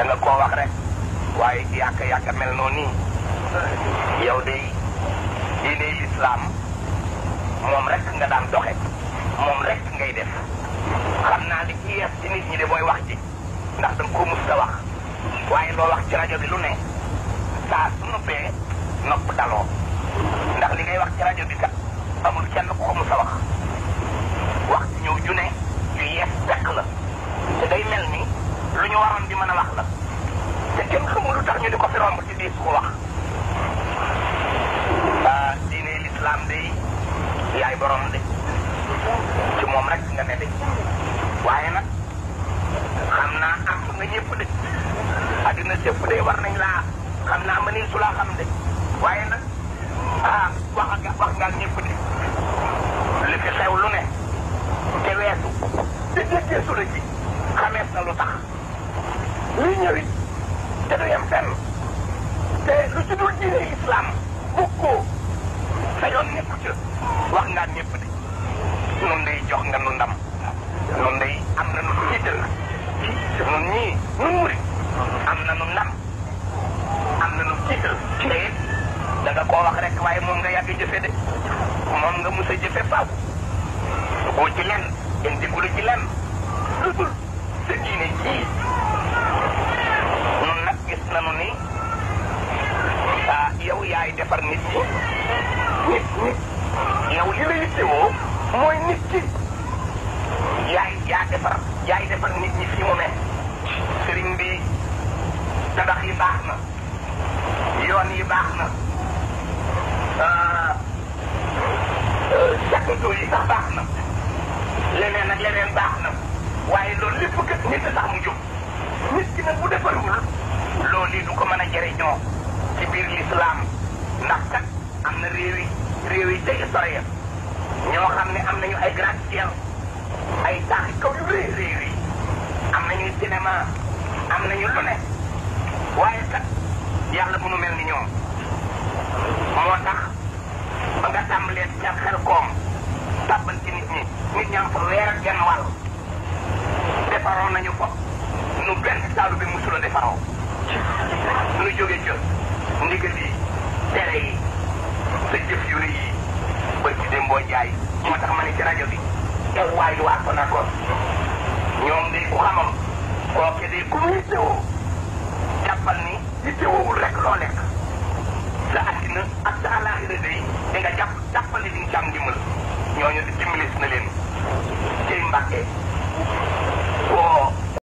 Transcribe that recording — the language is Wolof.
da nga koo wax rek waaye yàq yàq mel noonu yow day diine islam moom rek nga daan doxe moom rek ngay def xam naa li ci yees ci nit ñi de mooy wax ji ndax da ko mus wax waaye loo wax ci rajo bi lu ne saa su noppee nopp daloo ndax li ngay wax ci rajo bi kat amul kenn ku ko mus a wax juróom ci diis ko wax diine l'islam de yaay borom de ci moom rek nga ne de waaye nag xam naa am nga ñëpp de àddina sëpp de war nañ laa xam naa mënil xam de waaye nag ah wax nga wax nga ñëpp de li fi xew lu ne te weesu di jéggeesu la ci xamees na lu tax li ñëwit te du yem fenn diine islam bokkoo sa yoon nekku ca wax ngaa ñëpp de nun day jox nga nu ndam nun day am na nu jiital ci nun ñii muri am na nu ndam am na nu jiital ci da nga koo wax rek waaye moom nga yàgg jëfe de moom nga mos jëfe faaw dugoo ci lenn indi ku lu dul defar nit ñi nit nit yow li la yittewoo mooy nit ki yaay yaa defar yaay defar nit ñi fi mu ne sëriñ bi tabax yi baax na yoon yi baax na sakatoo euh, euh, yi sax baax na leneen ak leneen baax na loolu lépp kat nit mu jóg nit ki nag bu defarul loolu li du ko mën a jëriñoo ci biir lislaam ndax kat am na réew yi réew yi ca histoire ya ñoo xam ne am nañu ay gratte ciel ay taaxi kaw yu rëy rëy rëy am nañu cinéma am nañu lu ne waaye kat yàlla bu nu mel ni ñoom moo tax ba nga tàmbalee ca xel koom tàbbal ci nit ñi nit ñaa fa weer genn wàll defaroo nañu fa nu benn saalu bi musula defaroo nu jóge ca ndigal yi télé yi sa jëf yu rëy yi bër ci démboo jaay tax ma ne ci rajo bi yow waayu waa ko nakoon ñoom de ku xamam kooke de ku muy teewoo jàppal ni li teewoowul rek loo lekk sa àddina ak sa àllaaxira day di nga jàpp jàppal ni di nga ci am ndimbal na leen